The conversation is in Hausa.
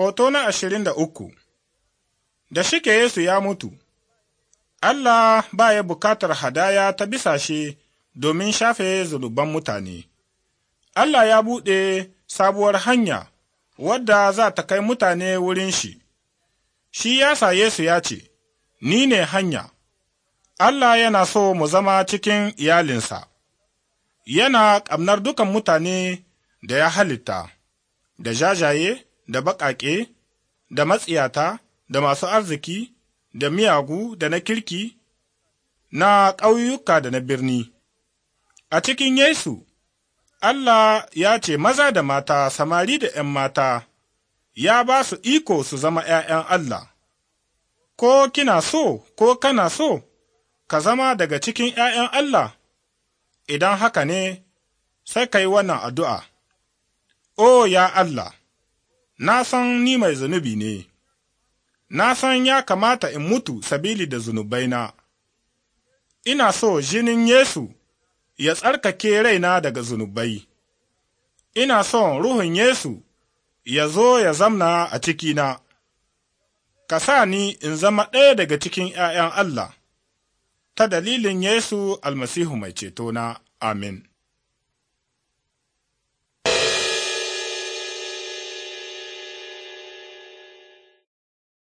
Hoto na ashirin da uku Da shike Yesu ya mutu, Allah ba ya bukatar hadaya ta bisa shi domin shafe zunuban mutane. Allah ya buɗe sabuwar hanya wadda za ta kai mutane wurin shi. Shi ya sa Yesu ya ce, Ni ne hanya, Allah yana so mu zama cikin iyalinsa, yana ƙamnar dukan mutane da ya halitta, da jajaye, da baƙaƙe, da matsiyata, da masu arziki, da miyagu, da na kirki, na ƙauyuka da na birni. A cikin Yesu, Allah ya ce maza da mata, samari da ’yan mata, ya ba su iko su zama ’ya'yan Allah, ko kina so, ko kana so, ka zama daga cikin ’ya'yan Allah, idan haka ne, sai ka yi wannan addu'a, O ya Allah! na san ni mai zunubi ne, na san ya kamata in mutu sabili da zunubaina, ina so jinin Yesu ya tsarkake raina daga zunubai, ina so Ruhun Yesu ya zo ya zamna a cikina, ka sa ni in zama ɗaya daga cikin ’ya'yan Allah, ta dalilin Yesu almasihu mai cetona, amin.